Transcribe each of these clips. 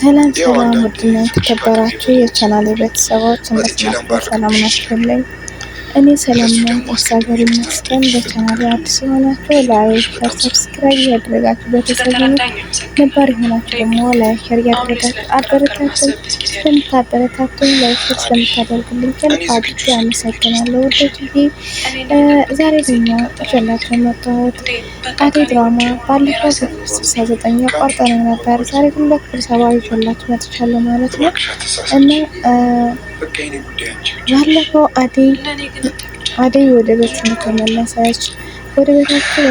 ሰላም ሰላም፣ ውድና የተከበራችሁ የቻናሌ ቤተሰቦች እንዴት ናችሁ? ሰላም ናችሁልኝ? እኔ ሰላም ነኝ፣ እግዚአብሔር ይመስገን። በቻናል አዲስ የሆናችሁ ላይክ፣ ሸር፣ ሰብስክራይብ እያደረጋችሁ ቤተሰብ ነባር የሆናችሁ ደግሞ ላይክ፣ ሸር እያደረጋችሁ አበረታቱኝ። ስለምታበረታቱኝ ላይክ፣ ሸር ስለምታደርጉልኝ ከልብ አድርጌ አመሰግናለሁ። ወደጅ ዛሬ ደግሞ ይዤላችሁ የመጣሁት አደይ ድራማ ባለፈው ክፍል ስልሳ ዘጠኝ አቋርጠነው ነበር። ዛሬ ግን በክፍል ሰባ ይዤላችሁ መጥቻለሁ ማለት ነው እና ባለፈው አደይ አደይ ወደ ቤት እንደተመለሰች ወደ ቤታቸው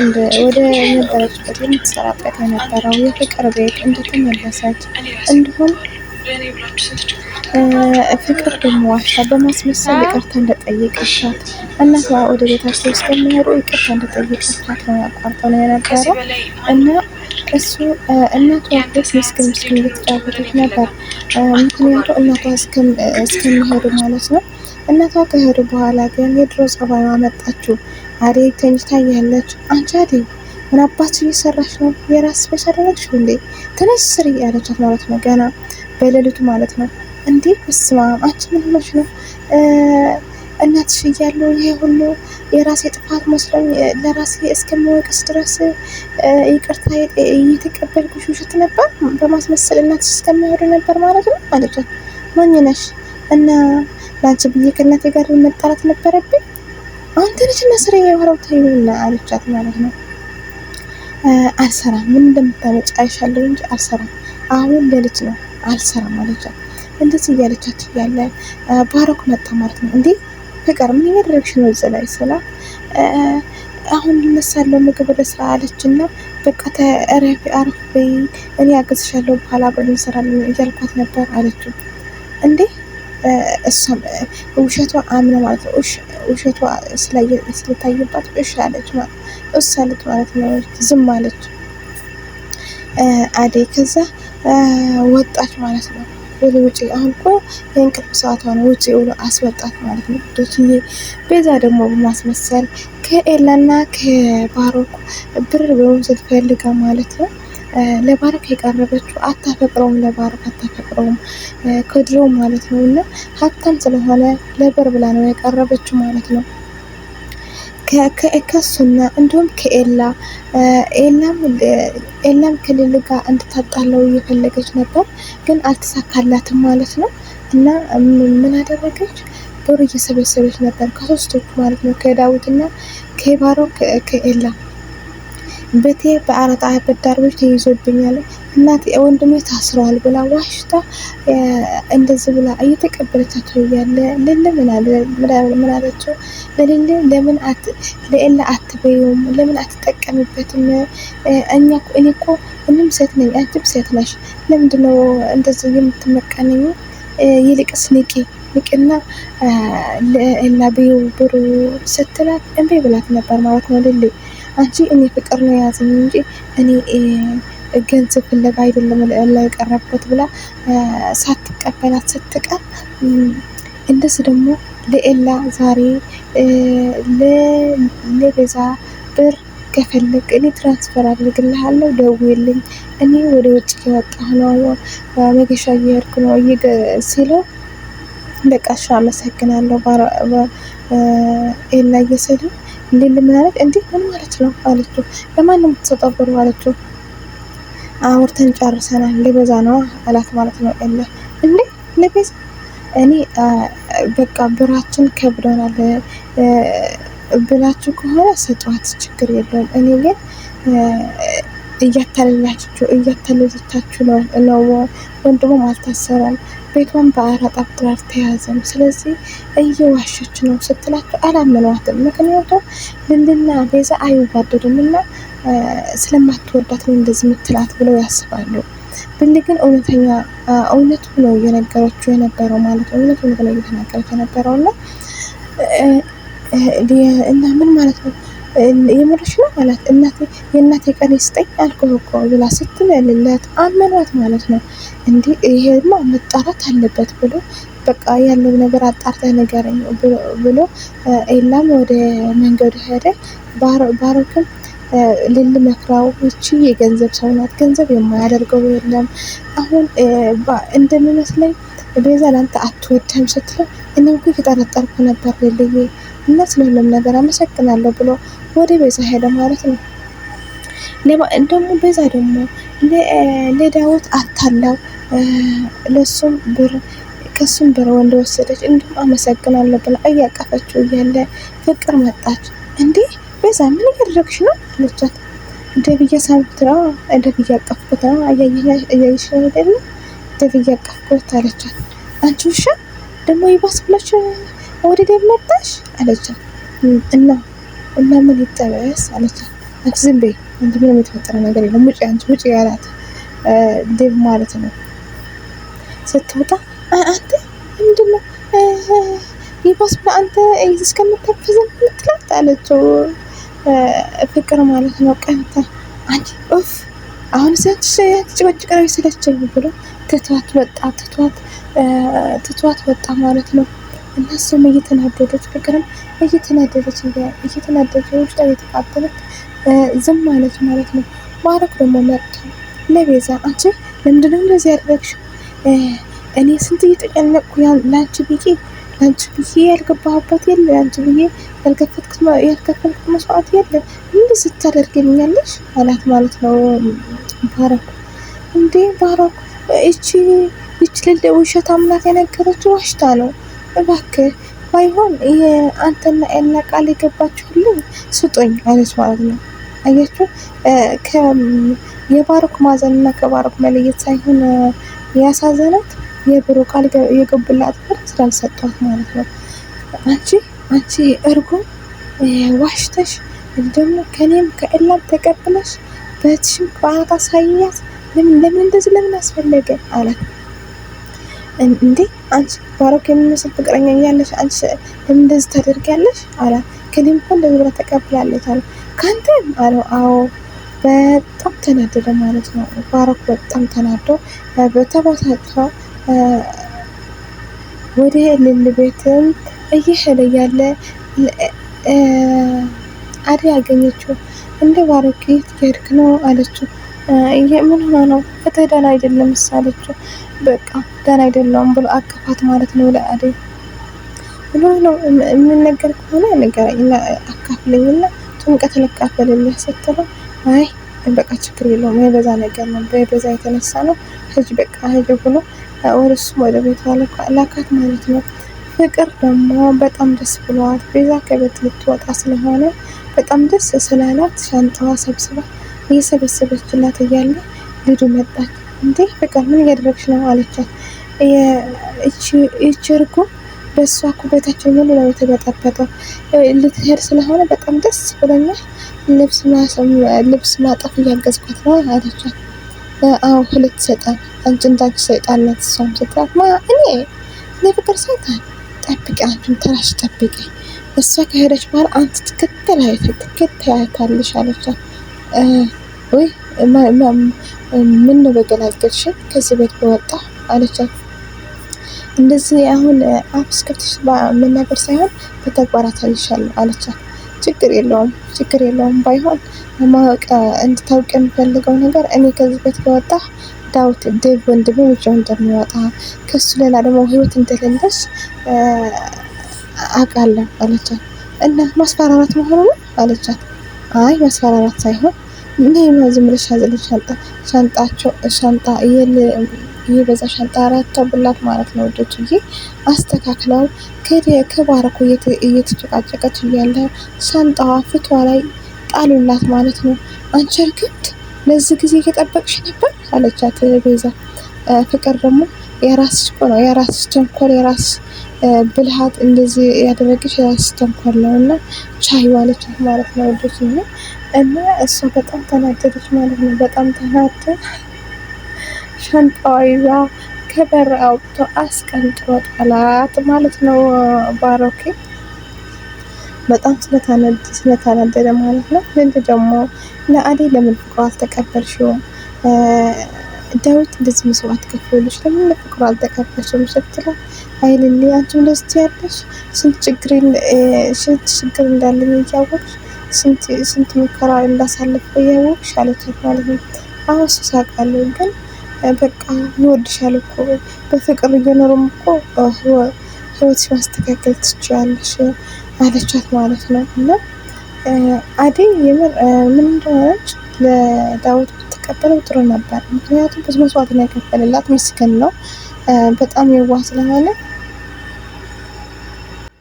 ወደ ነበረችበት የምትሰራበት የነበረው የፍቅር ቤት እንደተመለሰች እንዲሁም ፍቅር ደግሞ በማስመሰል ይቅርታ እንደጠየቀቻት እናቷ ወደ ቤታቸው እስከሚሄዱ ይቅርታ እንደጠየቀቻት ነው ያቋርጠው ነው የነበረው እና እሱ እናቷ ቤት ምስኪን ምስኪን እየተጫወተች ነበር። ምክንያቱ እናቷ እስከሚሄዱ ማለት ነው እናቷ ከሄዱ በኋላ ግን የድሮ ጸባይዋ አመጣችው። አደይ ተኝታ እያለች አንቺ አዴ ምን አባት እየሰራሽ ነው? የራስ በሰራሽ እንዴ? ተነሽ ስሪ እያለቻት ማለት ነው። ገና በሌሊቱ ማለት ነው። እንዴ በስመ አንቺ ምን ሆነሽ ነው? እናትሽ እያሉ ይሄ ሁሉ የራሴ ጥፋት መስሎኝ ለራሴ እስከምወቅስ ድረስ ይቅርታ እየተቀበልኩሽ ውሸት ነበር በማስመሰል እናትሽ እስከሚያወዱ ነበር ማለት ነው አለቻት። ሞኝ ነሽ እና ለአንቺ ብዬ ከእናቴ ጋር መጣላት ነበረብኝ። አንተ ልጅ እና ስራ የባህረው ታይና አለቻት ማለት ነው። አልሰራም ምን እንደምታመጭ አይሻለሁ እንጂ አልሰራም፣ አሁን ለልጅ ነው አልሰራም አለቻት። እንደዚህ እያለቻት እያለ ባሮክ መጣ ማለት ነው። እንዴ ፍቅር ምን እያደረግሽ ነው እዚህ ላይ ስላት አሁን ልነሳለሁ ምግብ ወደ ስራ አለች እና በቃ ተረፊ አረፍ በይ እኔ አገዝሻለሁ በኋላ አብረን እንሰራለን እያልኳት ነበር አለችው። እንዴ እሷም ውሸቷ አምነ ማለት ነው ውሸቷ ስለታየባት እሽ አለች እስ አለች ማለት ነው። ዝም አለች አደይ። ከዛ ወጣች ማለት ነው። ወደ ውጭ አሁን እኮ የእንቅልፍ ሰዓቷ ነው። ውጭ ብሎ አስወጣት ማለት ነው። ዶትዬ ቤዛ ደግሞ በማስመሰል ከኤላና ከባሮክ ብር በመውሰድ ፈልጋ ማለት ነው ለባርክ የቀረበችው አታፈቅረውም፣ ለባርክ አታፈቅረውም ከድሮ ማለት ነው። እና ሀብታም ስለሆነ ለብር ብላ ነው የቀረበችው ማለት ነው። ከእከሱና እንዲሁም ከኤላ ኤላም ከሌሉ ጋር እንድታጣለው እየፈለገች ነበር፣ ግን አልተሳካላትም ማለት ነው። እና ምን አደረገች? ብር እየሰበሰበች ነበር ከሶስቶች ማለት ነው፣ ከዳዊትና ከባሮ ከኤላ በቴ በአረጣ በዳሪዎች ተይዞብኛል፣ እናቴ ወንድሜ ታስረዋል ብላ ዋሽታ እንደዚህ ብላ እየተቀበለቻቸው እያለ ልል ምን አለችው? ለልል ለምን ለኤላ አትበዩም? ለምን አትጠቀምበትም? እኛ እኔ እኮ እኔም ሴት ነኝ፣ አንቺም ሴት ነሽ። ለምንድነው እንደዚህ የምትመቀነኝ? ይልቅስ ንቂ ንቅና ለኤላ ብዩ ብሩ ስትላት እምቢ ብላት ነበር ማለት ነው ልል አንቺ እኔ ፍቅር ነው የያዘኝ እንጂ እኔ ገንዘብ ፍለጋ አይደለም ለቀረብኩት ብላ ሳትቀበላት ስትቀር፣ እንደስ ደግሞ ለኤላ ዛሬ ለቤዛ ብር ከፈለግ እኔ ትራንስፈር አድርግልሃለሁ፣ ደውልኝ፣ እኔ ወደ ውጭ እየወጣሁ ነው፣ መገሻ እየሄድኩ ነው ሲለው በቃ እሺ አመሰግናለሁ ኤላ እየሰለው እንዴ ምናለት እንዴ ምን ማለት ነው አለችው። ለማንም ተሰጣበሩ አለችው። አውርተን ጨርሰናል ለበዛ ነው አላት ማለት ነው። ለ እንዴ ለቤዛ እኔ በቃ ብራችን ከብዶናል ብላችሁ ከሆነ ስጧት ችግር የለውም። እኔ ግን እያታለለቻችሁ ነው ነው ወንድሞም አልታሰረም፣ ቤቷን በአራጣ ብድር አልተያዘም፣ ስለዚህ እየዋሸች ነው ስትላቸው አላመኗትም። ምክንያቱም ልልና ቤዛ አይዋደዱም እና ስለማትወዳት ነው እንደዚህ የምትላት ብለው ያስባሉ። ብል ግን እውነተኛ እውነቱ ነው እየነገረችው የነበረው ማለት ነው። እውነቱ ነው እየተናገረች የነበረው እና እና ምን ማለት ነው የምርሽ ነው አላት። እናቴ የእናቴ ቀን ይስጠኝ አልኩህ እኮ ብላ ስትመልለት አመኗት ማለት ነው። እንዲህ ይሄማ መጣራት አለበት ብሎ በቃ ያለው ነገር አጣርተ ነገር ብሎ ኤላም ወደ መንገዱ ሄደ። ባሮክም ልል መክራው ይቺ የገንዘብ ሰው ናት፣ ገንዘብ የማያደርገው የለም። አሁን እንደሚመስለኝ ቤዛ አትወደም አትወድህም ስትለው እኔም እኮ እየጠረጠርኩ ነበር ልልዬ እና ስለሁሉም ነገር አመሰግናለሁ ብሎ ወደ ቤዛ ሄደ ማለት ነው። ደግሞ ቤዛ ደግሞ ለዳዊት አታላው ለሱም ብር ከሱም ብር እንደወሰደች እንዲሁም አመሰግናለሁ ብላ እያቀፈችው እያለ ፍቅር መጣች። እንዴ ቤዛ ምን እያደረግሽ ነው አለቻት። ደብ እያሳምኩት ነው፣ ደብ እያቀፍኩት ነው፣ እያየሽ ነው አይደለ? ደብ እያቀፍኩት አለቻት። አንቺ ውሻ ደግሞ ይባስ ብለሽ ወደ ዴብ መጣሽ አለቻት። እና እና ምን ይጠበስ አለቻት። አንቺ ዝም በይ አንቺ ምንም የተፈጠረ ነገር የለም ውጪ፣ አንቺ ውጪ ያላት ዴብ ማለት ነው። ስትወጣ አንተ ምንድን ነው ይባስ ብለህ አንተ እስከምታፈዝ ምትላት አለችው። ፍቅር ማለት ነው ቀንታ አንቺ ኡፍ አሁን ስንት ጭቅጭቅ ነው የሰለቸኝ ብሎ ትቷት ወጣ። ትቷት ትቷት ወጣ ማለት ነው። እነሱም እየተናደደች ፍቅርም እየተናደደች እየተናደደች ውስጥ እየተቃጠለች ዝም ማለት ማለት ነው። ማረግ ደግሞ መጥቶ ለቤዛ አንቺ ለምንድነው እንደዚህ ያደረግሽው? እኔ ስንት እየተጨነቅኩ ላንቺ ብዬ አንቺ ብዬ ያልገባሁበት የለ፣ አንቺ ብዬ ያልከፈልኩት መስዋዕት የለ፣ እንዲህ ስታደርግልኛለሽ አላት ማለት ነው። ባረኩ እንዴ ባረኩ እቺ ይቺ ልል ውሸት አምናት የነገረችው ዋሽታ ነው። እባክህ ባይሆን የአንተና ኤላ ቃል የገባችሁልኝ ስጡኝ አለች ማለት ነው። አያችሁ የባረኩ ማዘንና ከባረኩ መለየት ሳይሆን ያሳዘናት የብሩ ቃል የገቡላት ብር ስላልሰጧት ማለት ነው። አንቺ አንቺ እርጎ ዋሽተሽ ደግሞ ከኔም ከእላም ተቀብለሽ በትሽም በአራት አሳያት። ለምን ለምን እንደዚህ ለምን አስፈለገ አላት። እንዴ አንቺ ባሮክ የሚመስል ፍቅረኛ እያለሽ አንቺ ለምን እንደዚህ ታደርጊያለሽ? አላት። ከኔም እኮ እንደዚህ ብላ ተቀብላለች አለ። ከአንተም አለው። አዎ በጣም ተናደደ ማለት ነው። ባሮክ በጣም ተናደው በተባሳጫ ወደ እልል ቤትም እየሄደ ያለ አደይ አገኘችው። እንደ ባሮክ የት እየሄድክ ነው አለችው። ምን ሆና ነው ፍትህ ደህና አይደለም ሳለችው፣ በቃ ደህና አይደለም ብሎ አቀፋት ማለት ነው ለአደይ ብሎ ነው የምንነገር ከሆነ ነገር አካፍለኝና ጭንቀት ልካፈል የሚያሰትለው አይ በቃ ችግር የለውም የበዛ ነገር ነው በበዛ የተነሳ ነው ህጅ በቃ ህጅ ብሎ ወደ እሱም ወደ ቤቷ ላካት ማለት ነው። ፍቅር ደግሞ በጣም ደስ ብለዋት ቤዛ ከቤት ልትወጣ ስለሆነ በጣም ደስ ስላላት ሻንጣዋ ሰብስባ እየሰበሰበችላት እያለ ልዱ መጣች። እንዴ ፍቅር ምን እያደረግሽ ነው አለቻት። ይቺ ርጉም በእሷ እኮ ቤታችን ሙሉ ነው የተበጠበጠው። ልትሄድ ስለሆነ በጣም ደስ ብሎኛል። ልብስ ማጠፍ እያገዝኳት ነው አለቻት። አዎ ሁለት ሰጣን አንቺ እንዳንቺ ሰይጣን ናት እሷም ስትላት ማ እኔ እኔ ፍቅር ሰይጣን ጠብቂ፣ አንቺም ተራሽ ጠብቂ። እሷ ከሄደች በኋላ አንቺ ትክክል አይተ ትክክል አይታልሽ አለቻት። ወይ ምን ነው በገላገልሽ ከዚህ ቤት በወጣ አለቻት። እንደዚህ አሁን አፍስ ከፍተሽ መናገር ሳይሆን በተግባር አሳይሻለሁ አለቻት። ችግር የለውም ችግር የለውም ባይሆን ማወቅ እንድታውቅ የምፈልገው ነገር እኔ ከዚህ ቤት በወጣ ዳዊት ዴቭ ወንድሜ ውጭው እንደሚወጣ ከሱ ሌላ ደግሞ ህይወት እንደሌለች አውቃለሁ አለቻት። እና ማስፈራራት መሆኑ ነው አለቻት። አይ ማስፈራራት ሳይሆን እኔ ዝም ብለሽ ያዘለች ሻንጣ ሻንጣቸው ሻንጣ ይህ በዛ ሻንጣ አራቸው ብላት ማለት ነው ወዶች ዬ አስተካክለው ከባረኩ እየተጨቃጨቀች እያለ ሻንጣዋ ፊቷ ላይ ጣሉላት ማለት ነው አንቸርክም ለዚህ ጊዜ እየጠበቅሽ ነበር አለቻት ቤዛ። ፍቅር ደግሞ የራስሽ እኮ ነው የራስሽ ተንኮል የራስ ብልሃት እንደዚህ ያደረገች የራስሽ ተንኮል ነው እና ቻይ ዋለቻት ማለት ነው ወዶች እና እሷ በጣም ተናደደች ማለት ነው። በጣም ተናደ ሻንጣዋ ይዛ ከበር አውጥቶ አስቀንጥሮ ጣላት ማለት ነው ባሮኬ በጣም ስለተናደደ ማለት ነው። ህንድ ደግሞ ለአዴ ለምን ፍቅሯ አልተቀበልሽውም? ዳዊት እንደዚህ መስዋዕት ከፍሎልሽ ለምን ፍቅሯ አልተቀበልሽውም ስትለው አይ ልሌ አንቺ እንደዚህ ያለሽ ስንት ችግር እንዳለኝ እያወቅሽ ስንት መከራ እንዳሳለፍ እያወቅሽ አለቻት ማለት ነው። አሁን ስሳቃለሁ ግን በቃ እወድሻለሁ እኮ በፍቅር እየኖርም እኮ ህይወት ማስተካከል ትችያለሽ አለቻት ማለት ነው። እና አደይ የምር ለዳዊት ብትቀበለው ጥሩ ነበር። ምክንያቱም ብዙ ነው የከፈለላት ምስክን ነው፣ በጣም የዋህ ስለሆነ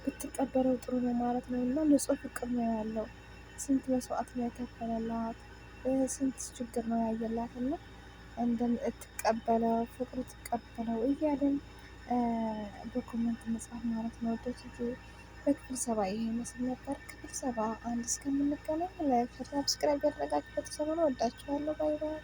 ብትቀበለው ጥሩ ነው ማለት ነው። እና ንጹህ ፍቅር ነው ያለው። ስንት መስዋዕት ነው የከፈለላት፣ ስንት ችግር ነው ያየላት እና እንደምትቀበለው ፍቅሩ ትቀበለው እያለን በኮመንት መጽሐፍ ማለት ነው ወደ በክፍል ሰባ ይሄ ይመስል ነበር። ክፍል ሰባ አንድ እስከምንገናኝ ላይክ፣ ሰብስክራይብ ያደረጋችሁ ቤተሰብ ነው። ወዳችኋለሁ። ባይ ባይ።